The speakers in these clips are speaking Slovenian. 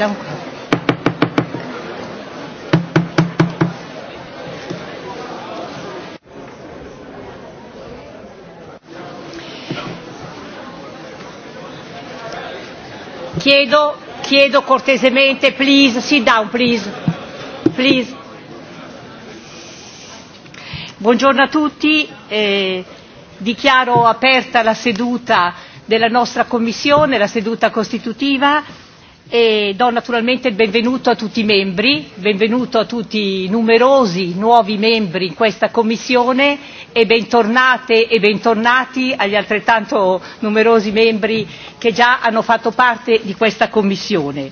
Dank u wel. Chiedo, chiedo cortesemente, please, sit down, please. please. Buongiorno a tutti, eh, dichiaro aperta la seduta della nostra commissione, la seduta costitutiva e do naturalmente il benvenuto a tutti i membri, benvenuto a tutti i numerosi nuovi membri in questa commissione e bentornate e bentornati agli altrettanto numerosi membri che già hanno fatto parte di questa commissione.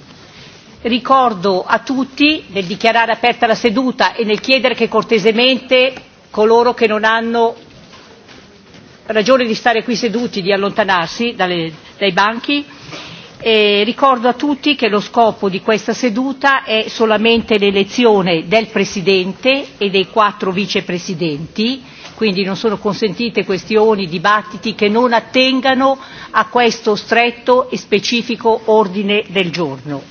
Ricordo a tutti nel dichiarare aperta la seduta e nel chiedere che cortesemente coloro che non hanno ragione di stare qui seduti di allontanarsi dalle, dai banchi Eh, ricordo a tutti che lo scopo di questa seduta è solamente l'elezione del Presidente e dei quattro vicepresidenti, quindi non sono consentite questioni, dibattiti che non attengano a questo stretto e specifico ordine del giorno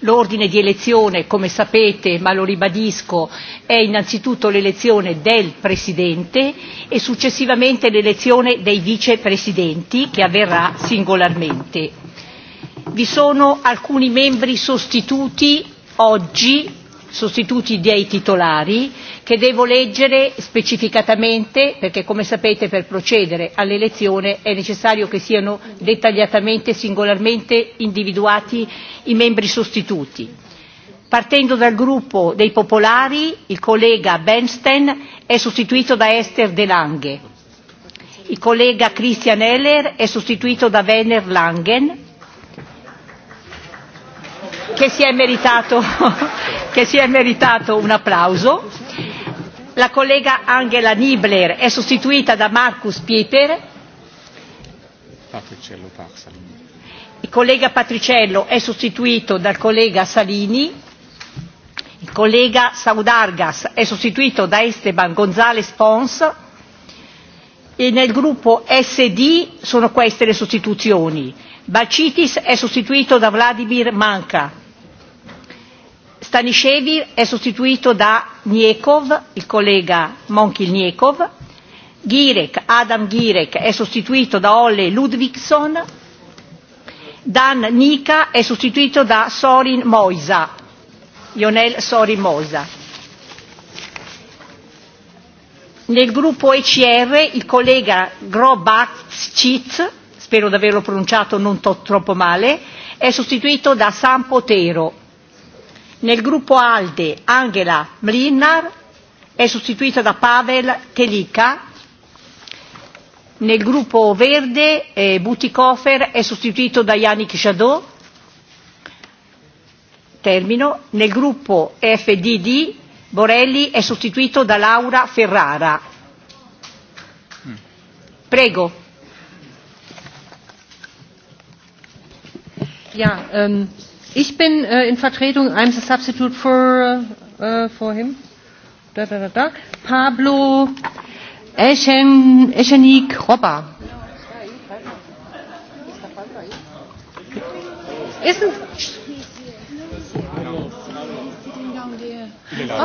l'ordine di elezione come sapete ma lo ribadisco è innanzitutto l'elezione del presidente e successivamente l'elezione dei vicepresidenti che avverrà singolarmente. Vi sono alcuni membri sostituti oggi sostituti dei titolari che devo leggere specificatamente perché come sapete per procedere all'elezione è necessario che siano dettagliatamente e singolarmente individuati i membri sostituti. Partendo dal gruppo dei popolari, il collega Bernstein è sostituito da Esther De Lange. Il collega Christian Heller è sostituito da Werner Langen che si è meritato, che si è meritato un applauso. La collega Angela Nibler è sostituita da Marcus Pieper. Patricello Parsalini. Il collega Patricello è sostituito dal collega Salini. Il collega Saudargas è sostituito da Esteban González Pons. E nel gruppo SD sono queste le sostituzioni. Bacitis è sostituito da Vladimir Manka. Stanišev è sostituito da Niekov, il collega Monkil Niekov. Girek, Adam Girek è sostituito da Olle Ludvigsson. Dan Nika è sostituito da Sorin Moisa. Ionel Sorin Moisa. Nel gruppo ECR il collega Grobatschitz, spero di averlo pronunciato non to- troppo male, è sostituito da San Potero nel gruppo alde angela mlinar è sostituita da pavel telika nel gruppo verde eh, butikofer è sostituito da yannick jadot termino nel gruppo fdd borelli è sostituito da laura ferrara prego ja, um... Ich bin äh, in Vertretung, I'm the substitute for, uh, for him. Da, da, da, da. Pablo Eschen, Eschenik Robba. Ist ein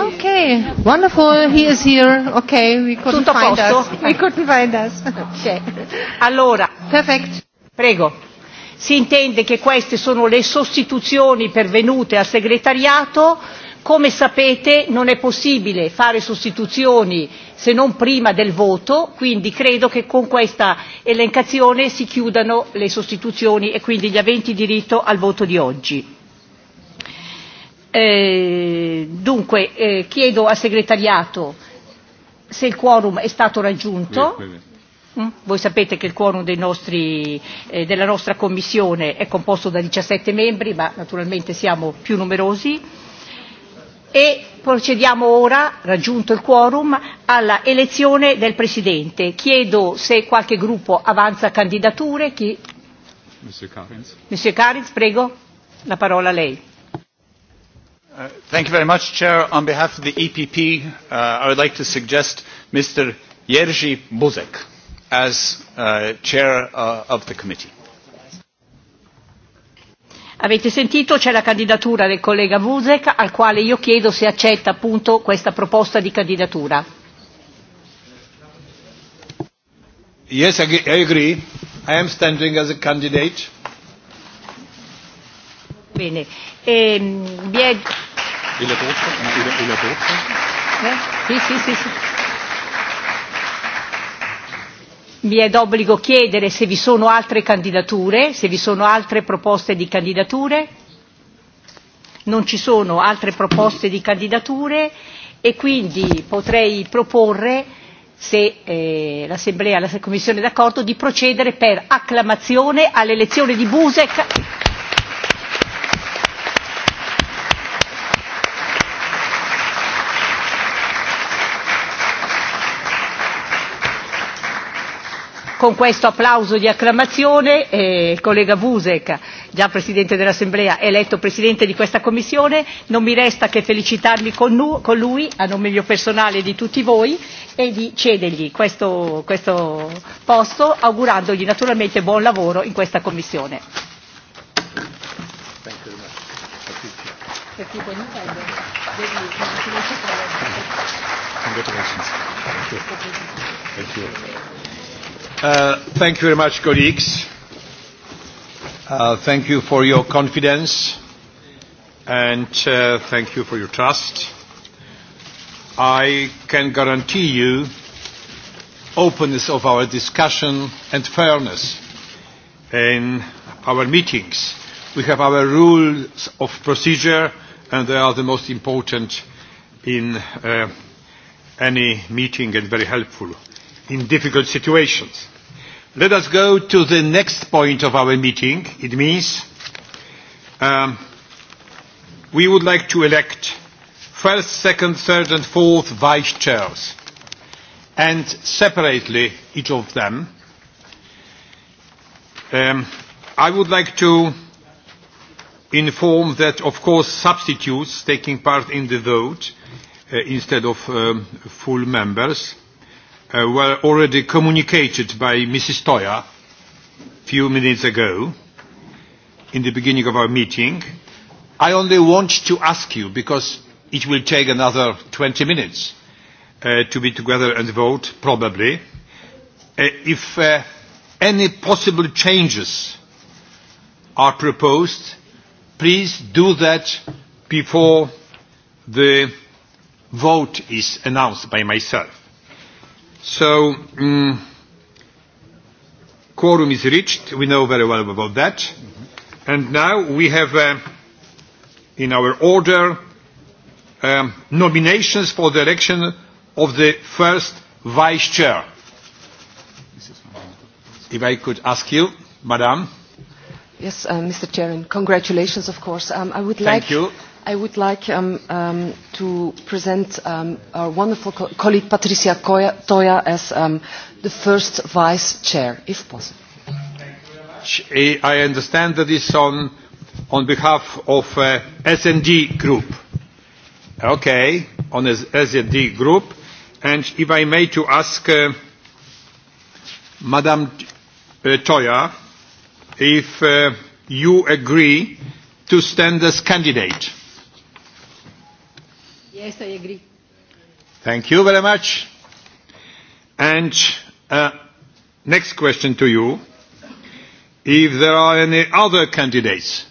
Okay, wonderful, he is here. Okay, we couldn't find us. We couldn't find us. Okay. Allora. Perfect. Prego si intende che queste sono le sostituzioni pervenute al segretariato. Come sapete non è possibile fare sostituzioni se non prima del voto, quindi credo che con questa elencazione si chiudano le sostituzioni e quindi gli aventi diritto al voto di oggi. Eh, dunque eh, chiedo al segretariato se il quorum è stato raggiunto. Qui, qui. Mm? Voi sapete che il quorum dei nostri, eh, della nostra Commissione è composto da 17 membri, ma naturalmente siamo più numerosi. E procediamo ora, raggiunto il quorum, alla elezione del Presidente. Chiedo se qualche gruppo avanza candidature. Chi? Monsieur Carins. Monsieur Carins, prego, la parola a lei. Uh, thank you very much, Chair. On behalf of the EPP, uh, I would like to suggest Mr. Jerzy Buzek as uh, chair uh, of the committee. Avete sentito, c'è la candidatura del collega Vusek, al quale io chiedo se accetta appunto questa proposta di candidatura. Yes, I agree. I am standing as a candidate. Bene. Ehm, è... Il rapporto? Il rapporto? Eh? Sì, sì, sì. sì. mi è d'obbligo chiedere se vi sono altre candidature, se vi sono altre proposte di candidature. Non ci sono altre proposte di candidature e quindi potrei proporre, se eh, l'Assemblea e la Commissione d'accordo, di procedere per acclamazione all'elezione di Busek. con questo applauso di acclamazione eh, il collega Busek, già Presidente dell'Assemblea, eletto Presidente di questa Commissione, non mi resta che felicitarmi con, nu- con lui, a nome mio personale e di tutti voi, e di cedergli questo, questo posto, augurandogli naturalmente buon lavoro in questa Commissione. Thank you. Thank you. Uh, thank you very much colleagues uh, thank you for your confidence and uh, thank you for your trust I can guarantee you openness of our discussion and fairness in our meetings we have our rules of procedure and they are the most important in uh, any meeting and very helpful in difficult situations. Let us go to the next point of our meeting. It means um, we would like to elect first, second, third and fourth vice chairs and separately each of them. Um, I would like to inform that, of course, substitutes taking part in the vote uh, instead of um, full members uh, were already communicated by Mrs. Toya a few minutes ago in the beginning of our meeting. I only want to ask you, because it will take another 20 minutes uh, to be together and vote, probably, uh, if uh, any possible changes are proposed, please do that before the vote is announced by myself. So, um, quorum is reached. We know very well about that. Mm-hmm. And now we have uh, in our order um, nominations for the election of the first vice chair. If I could ask you, Madam. Yes, uh, Mr. Chairman, congratulations, of course. Um, I would Thank like... you. I would like um, um, to present um, our wonderful co colleague Patricia Koya Toya as um, the first vice chair, if possible. Eh, I understand that it's on, on behalf of uh, SND Group. Okay, on SND Group. And if I may to ask uh, Madam uh, Toya if uh, you agree to stand as candidate. Yes, I agree. Thank you very much. And uh, next question to you. If there are any other candidates?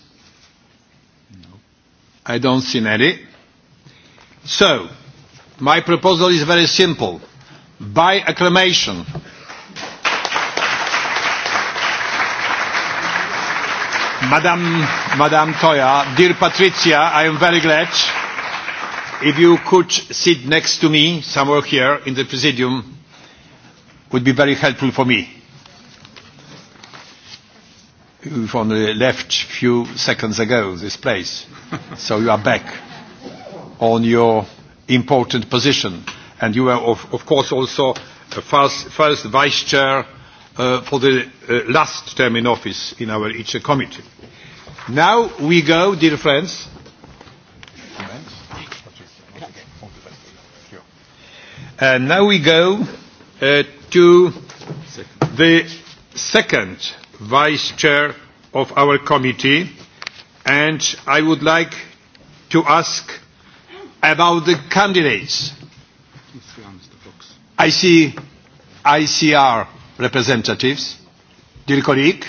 No. I don't see any. So, my proposal is very simple. By acclamation. Madame, Madame Toya, dear Patricia, I am very glad if you could sit next to me somewhere here in the presidium would be very helpful for me you've only left a few seconds ago this place so you are back on your important position and you are of, of course also the first, first vice chair uh, for the uh, last term in office in our ICE committee. Now we go, dear friends, And now we go uh, to the second vice chair of our committee. And I would like to ask about the candidates. I see ICR representatives. Dear colleague,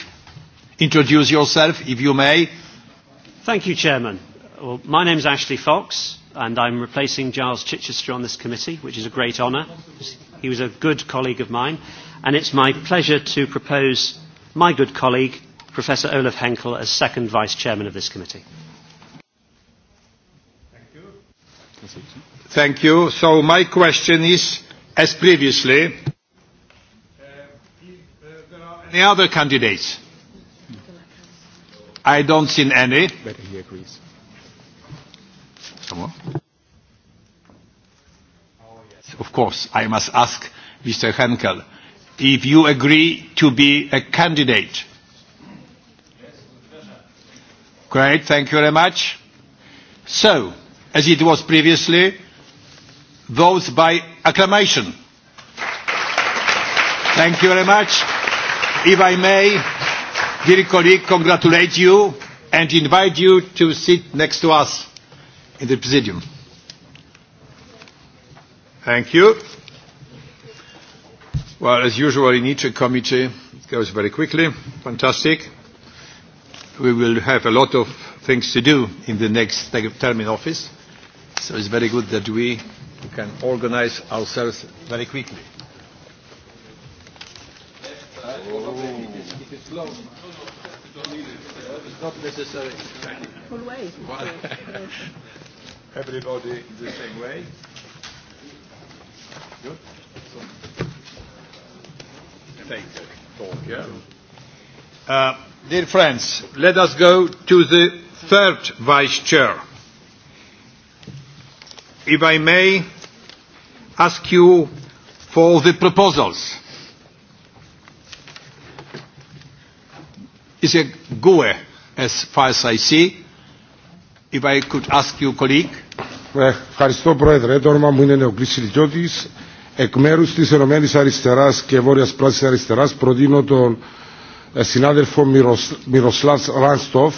introduce yourself, if you may. Thank you, Chairman. Well, my name is Ashley Fox and I'm replacing Giles Chichester on this committee, which is a great honour. He was a good colleague of mine, and it's my pleasure to propose my good colleague, Professor Olaf Henkel, as second vice chairman of this committee. Thank you. Thank you. So, my question is as previously, uh, uh, there are any other candidates? I don't see any. Better he agrees customer? Of course, I must ask Mr. Henkel if you agree to be a candidate. Yes, Great, thank you very much. So, as it was previously, vote by acclamation. Thank you very much. If I may, dear colleague, congratulate you and invite you to sit next to us in the presidium. Thank you. Well, as usual in each committee, it goes very quickly. Fantastic. We will have a lot of things to do in the next term in office. So it's very good that we can organize ourselves very quickly. Oh. It's not necessary. Full way. everybody the same way. Good. So. Thank you. Talk, yeah. uh, dear friends, let us go to the third vice chair. If I may ask you for the proposals. It's a GUE, as far as I see. If I could ask you, colleague. Ευχαριστώ, Πρόεδρε. Το όνομα μου είναι Νεοκλής Ιλιτιώτης. Εκ μέρου της Ενωμένης Αριστεράς και Βόρειας Πράσης Αριστεράς προτείνω τον συνάδελφο Μυροσλάς Ρανστοφ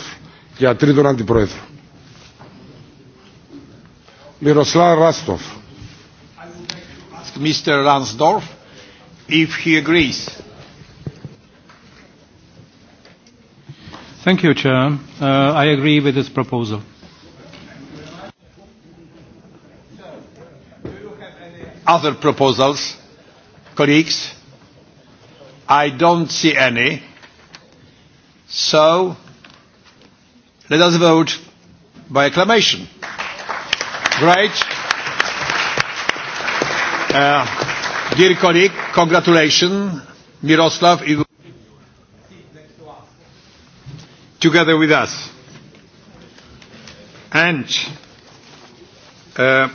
για τρίτον αντιπρόεδρο. Μυροσλά Ρανστοφ. Ask Mr. Ransdorf if he agrees. Thank you, Chair. Uh, I agree with this proposal. other proposals, colleagues? I don't see any. So let us vote by acclamation. Great. Uh, dear colleague, congratulations, Miroslav, together with us. And uh,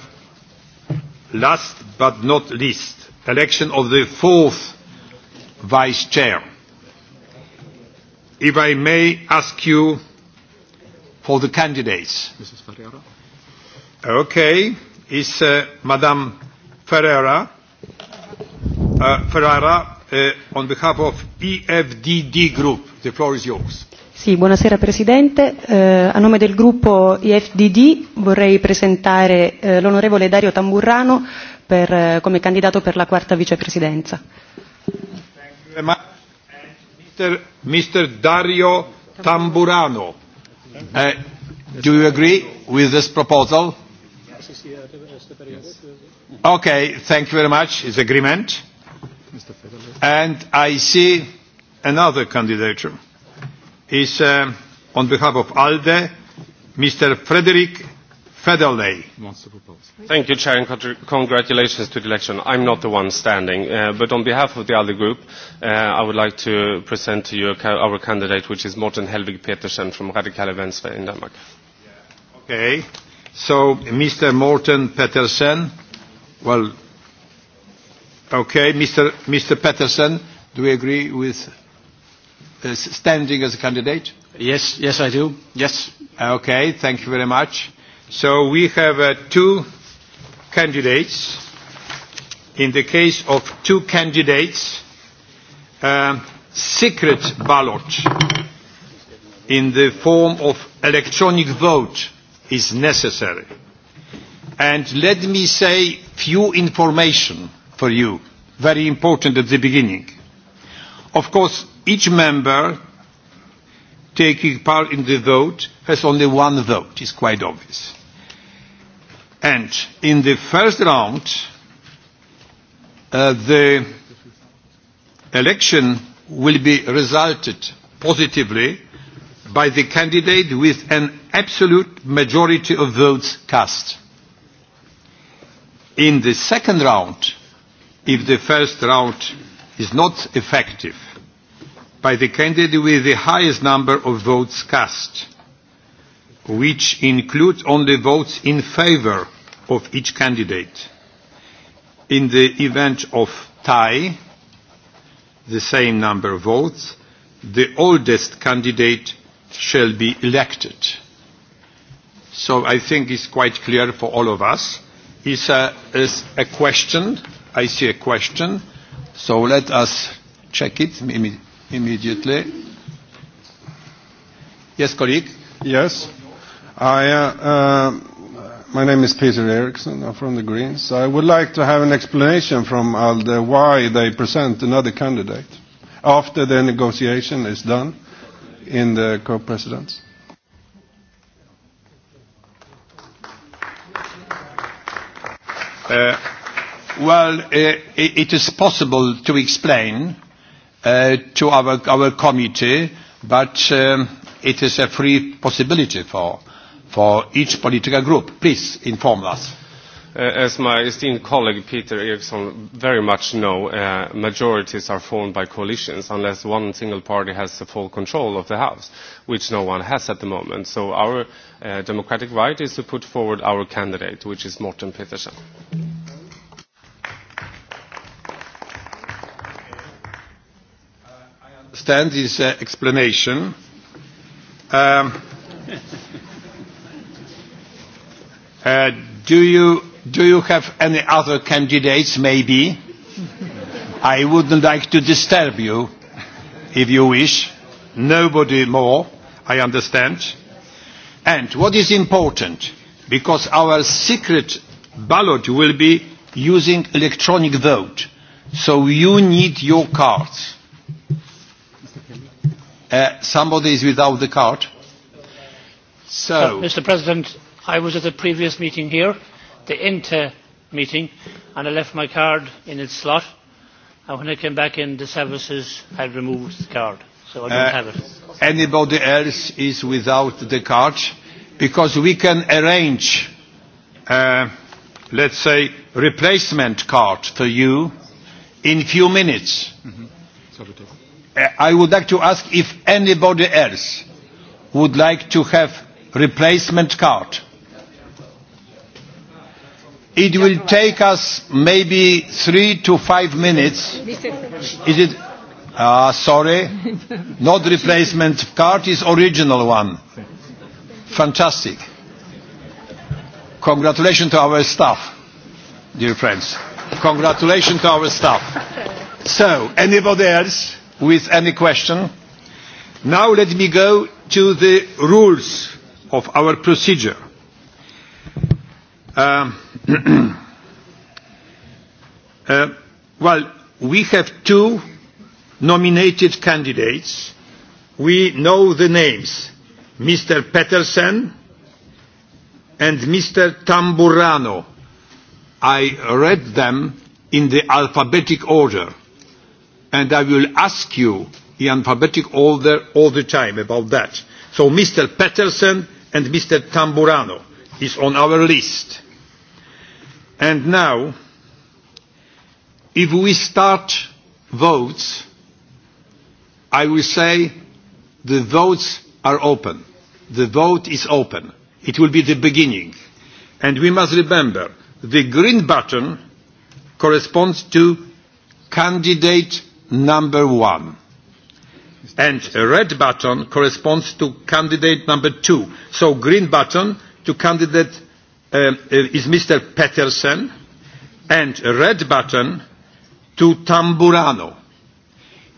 Last but not least, election of the fourth vice chair. If I may ask you for the candidates. Mrs. Ferreira. Okay, is uh, Madame Ferreira, uh, Ferreira uh, on behalf of EFDD Group? The floor is yours. Sì, buonasera Presidente. Eh, a nome del gruppo IFDD e vorrei presentare eh, l'onorevole Dario Tamburrano per, eh, come candidato per la quarta vicepresidenza. Mr. Mr. Dario Tamburano, uh, eh, do you agree with this proposal? Yes. Okay, thank you very much. It's agreement. And I see another candidature is uh, on behalf of ALDE, Mr. Frederick Federley. Thank you, Chair, and congratulations to the election. I'm not the one standing, uh, but on behalf of the ALDE Group, uh, I would like to present to you our candidate, which is Morten Helveg Petersen from Radikale Venstre in Denmark. Yeah. Okay. So Mr. Morten Petersen, well, okay, Mr. Petersen, do we agree with Uh, standing as a candidate? Yes, yes, I do. Yes. Okay, thank you very much. So we have uh, two candidates. In the case of two candidates, uh, secret ballot in the form of electronic vote is necessary. And let me say few information for you, very important at the beginning. Of course, each member taking part in the vote has only one vote, it's quite obvious. And in the first round, uh, the election will be resulted positively by the candidate with an absolute majority of votes cast. In the second round, if the first round is not effective, by the candidate with the highest number of votes cast, which includes only votes in favour of each candidate. In the event of tie, the same number of votes, the oldest candidate shall be elected. So I think it's quite clear for all of us. It's a, it's a question. I see a question. So let us check it. Maybe immediately. Yes, colleague. Yes. I, uh, uh, my name is Peter Eriksson. I'm from the Greens. I would like to have an explanation from ALDE why they present another candidate after the negotiation is done in the co-presidents. Uh, well, uh, it, it is possible to explain uh, to our, our committee, but um, it is a free possibility for, for each political group. Please inform us. Uh, as my esteemed colleague Peter Eriksson very much know, uh, majorities are formed by coalitions unless one single party has the full control of the House, which no one has at the moment. So our uh, democratic right is to put forward our candidate, which is Morten Petersen. Mm-hmm. understand this uh, explanation. Um, uh, do, you, do you have any other candidates, maybe? I wouldn't like to disturb you, if you wish. Nobody more, I understand. And what is important, because our secret ballot will be using electronic vote, so you need your cards. Uh, somebody is without the card. So, uh, Mr. President, I was at the previous meeting here, the Inter meeting, and I left my card in its slot. And when I came back in, the services had removed the card, so I don't uh, have it. Anybody else is without the card, because we can arrange, uh, let's say, replacement card for you in few minutes. Mm -hmm. Sorry, Uh, I would like to ask if anybody else would like to have replacement card. It will take us maybe three to five minutes. Is it? Uh, sorry, not replacement card, is original one. Fantastic. Congratulations to our staff, dear friends. Congratulations to our staff. So, anybody else? with any question. Now let me go to the rules of our procedure. Uh, uh, well, we have two nominated candidates. We know the names, Mr. Peterson and Mr. Tamburano. I read them in the alphabetic order and I will ask you in alphabetic order all the time about that. So Mr. Peterson and Mr. Tamburano is on our list. And now, if we start votes, I will say the votes are open. The vote is open. It will be the beginning. And we must remember, the green button corresponds to candidate number one and a red button corresponds to candidate number two. So green button to candidate uh, is Mr. Peterson and a red button to Tamburano.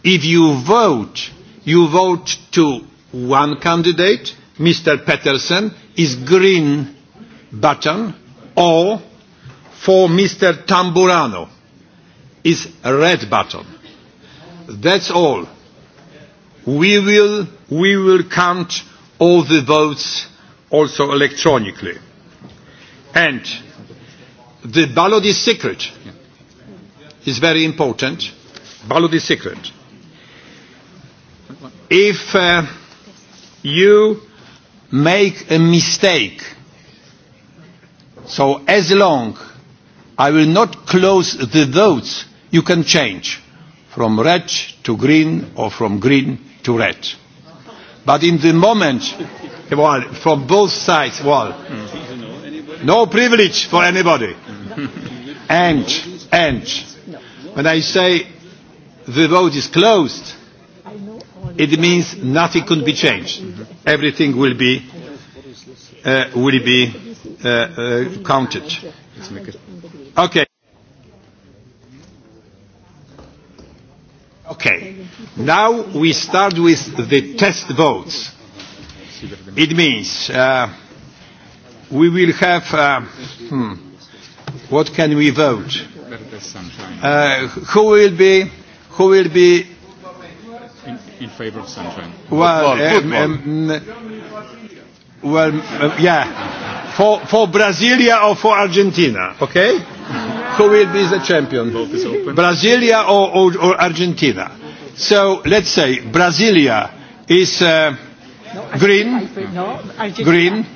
If you vote, you vote to one candidate, Mr. Peterson is green button or for Mr. Tamburano is red button that's all. We will, we will count all the votes also electronically. And the ballot is secret. It's very important. Ballot is secret. If uh, you make a mistake, so as long I will not close the votes, you can change from red to green or from green to red. But in the moment, well, from both sides, well, no privilege for anybody. And, and, when I say the vote is closed, it means nothing could be changed. Everything will be, uh, will be uh, uh, counted. Okay. Now we start with the test votes. It means uh, we will have, uh, hmm, what can we vote? Uh, who will be, who will be? In, in favor of sunshine. Well, uh, well uh, yeah, for, for Brasilia or for Argentina, okay? Who will be the champion? Brasilia or, or, or Argentina? So let's say Brasilia is uh, no, green. No, green.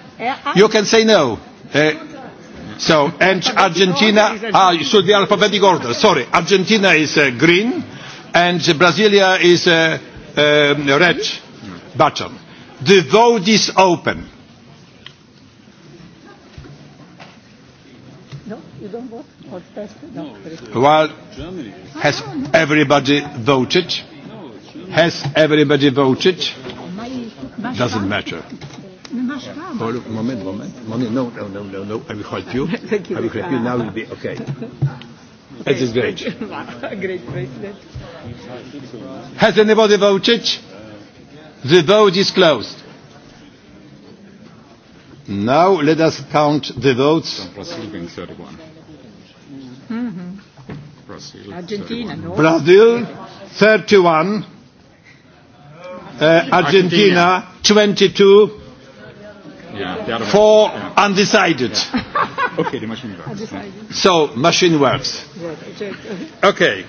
You can say no. Uh, so and Argentina. Ah, so the alphabetic order. Sorry, Argentina is uh, green, and Brasilia is a uh, um, red button. The vote is open. No, you don't vote. Or test? No, no uh, well, has everybody voted? Has everybody voted? Doesn't matter. Hold yeah. moment, moment, moment. No, no, no, no, no. I will help you. Thank you. I will help you. Now it will be okay. It is great. great president. Has anybody voted? The vote is closed. Now let us count the votes. Mm-hmm. Brazil, Argentina, 31. No. Brazil, 31 uh, Argentina, Argentina, 22 yeah, for yeah. undecided. Yeah. okay, the machine works. Undecided. So, machine works. Okay.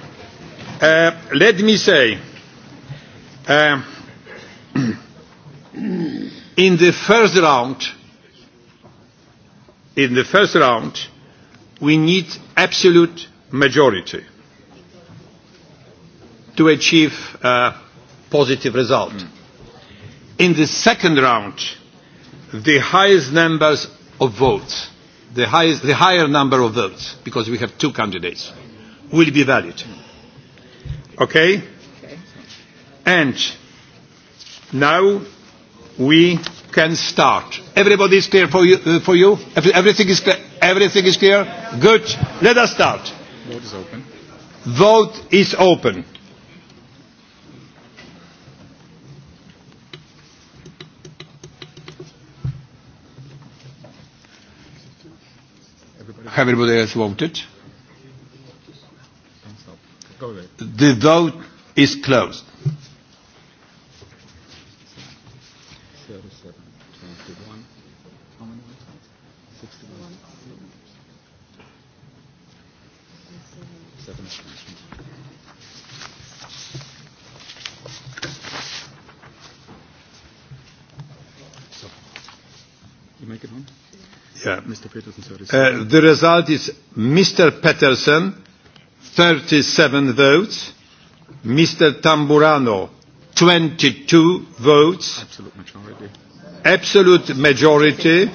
Uh, let me say, um, in the first round, in the first round, we need absolute majority to achieve uh, positive result. Hmm. In the second round, the highest numbers of votes, the, highest, the higher number of votes, because we have two candidates, will be valid. Hmm. Okay? okay. And now we can start. Everybody is clear for you? Uh, for you? Everything is clear? Everything is clear? Good. Let us start. Vote is open. Vote is open. everybody else voted? The vote is closed. Uh, the result is Mr. Peterson, 37 votes, Mr. Tamburano, 22 votes. Absolute majority. Absolute majority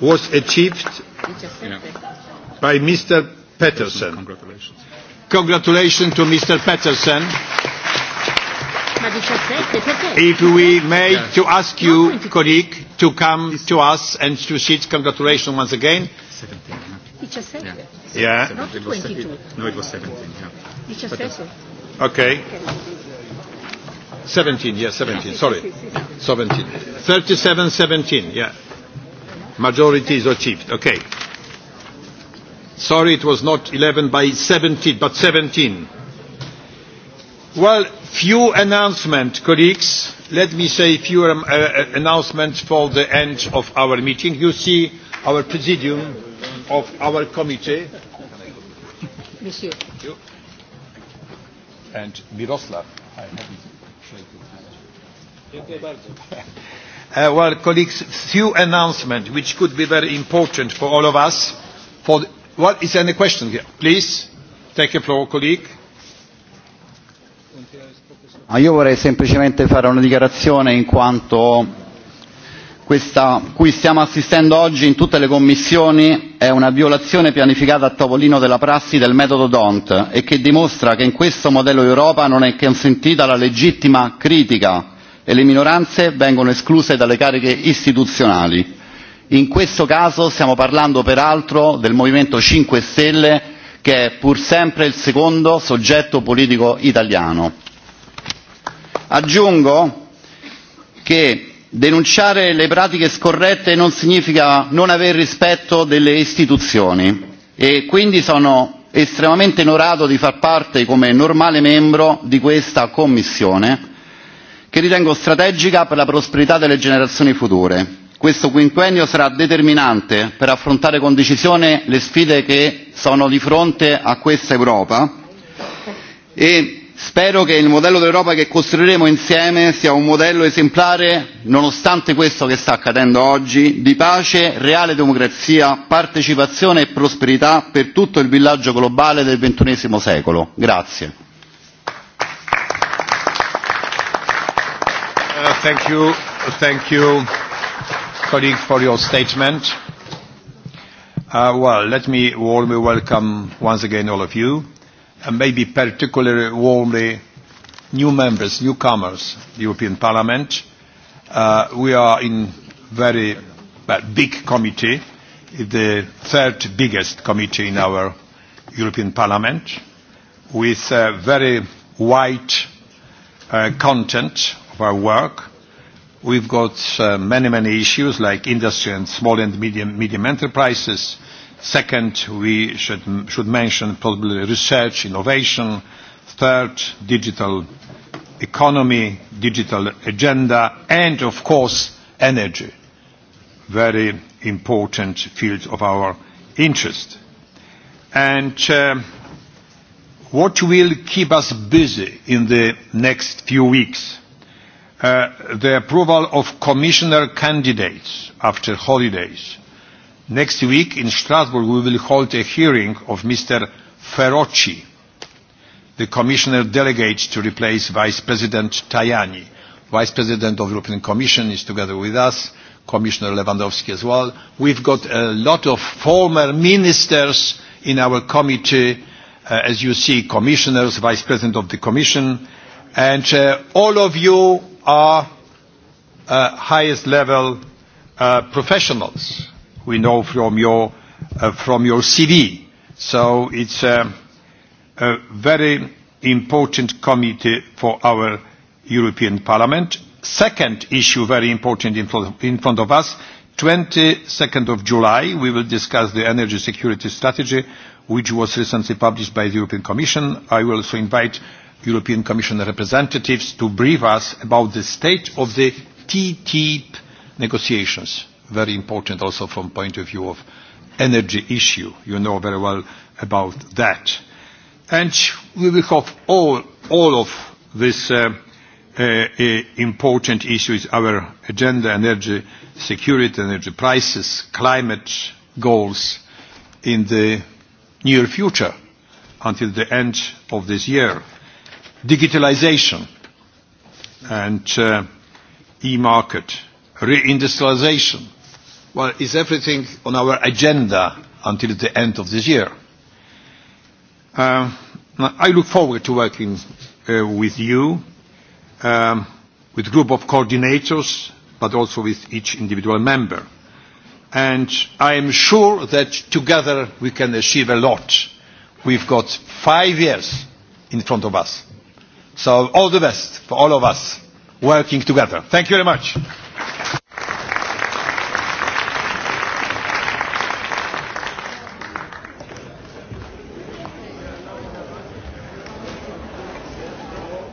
was achieved yeah. by Mr. Peterson. Congratulations. Congratulations to Mr. Peterson. If we may yeah. to ask you, no, colleague, to come to us and to seek congratulations once again. 17. Yeah. yeah. Not 22. No, it was 17. Yeah. Okay. 17. Yeah, 17. Sorry. 17. 37, 17. Yeah. Majority is achieved. Okay. Sorry, it was not 11 by 17, but 17. Well, few announcements, colleagues let me say a few um, uh, uh, announcements for the end of our meeting. You see our presidium of our committee. Monsieur. And Miroslav. Uh, well, colleagues, few announcements which could be very important for all of us. For the, what is any question here? Please, take a floor, colleague ma ah, io vorrei semplicemente fare una dichiarazione in quanto questa cui stiamo assistendo oggi in tutte le commissioni è una violazione pianificata a tavolino della prassi del metodo Dont e che dimostra che in questo modello Europa non è consentita la legittima critica e le minoranze vengono escluse dalle cariche istituzionali. In questo caso stiamo parlando peraltro del Movimento 5 Stelle che è pur sempre il secondo soggetto politico italiano aggiungo che denunciare le pratiche scorrette non significa non aver rispetto delle istituzioni e quindi sono estremamente onorato di far parte come normale membro di questa commissione che ritengo strategica per la prosperità delle generazioni future. questo quinquennio sarà determinante per affrontare con decisione le sfide che sono di fronte a questa europa e spero che il modello d'europa che costruiremo insieme sia un modello esemplare nonostante questo che sta accadendo oggi di pace reale democrazia partecipazione e prosperità per tutto il villaggio globale del xxi secolo and maybe particularly warmly new members, newcomers, the European Parliament. Uh, we are in very well, big committee, the third biggest committee in our European Parliament, with a uh, very wide uh, content of our work. We've got uh, many, many issues like industry and small and medium, medium enterprises, Second, we should, should mention probably research, innovation. Third, digital economy, digital agenda, and of course, energy. Very important field of our interest. And uh, what will keep us busy in the next few weeks? Uh, the approval of commissioner candidates after holidays, Next week in Strasbourg we will hold a hearing of Mr. Ferrocci, the Commissioner delegate to replace Vice President Tajani. Vice President of the European Commission is together with us, Commissioner Lewandowski as well. We've got a lot of former ministers in our committee, uh, as you see, commissioners, Vice President of the Commission, and uh, all of you are uh, highest level uh, professionals we know from your uh, from your CV. So it's a, a very important committee for our European Parliament. Second issue, very important in front of, in front of us, 22nd of July, we will discuss the energy security strategy, which was recently published by the European Commission. I will also invite European Commission representatives to brief us about the state of the TTIP negotiations very important also from point of view of energy issue. You know very well about that. And we will have all, all of this uh, uh, uh important issues, our agenda, energy security, energy prices, climate goals in the near future until the end of this year. Digitalization and uh, e-market, reindustrialization, Well, is everything on our agenda until the end of this year? Uh, I look forward to working uh, with you, um, with a group of coordinators, but also with each individual member. And I am sure that together we can achieve a lot. We've got five years in front of us. So all the best for all of us working together. Thank you very much.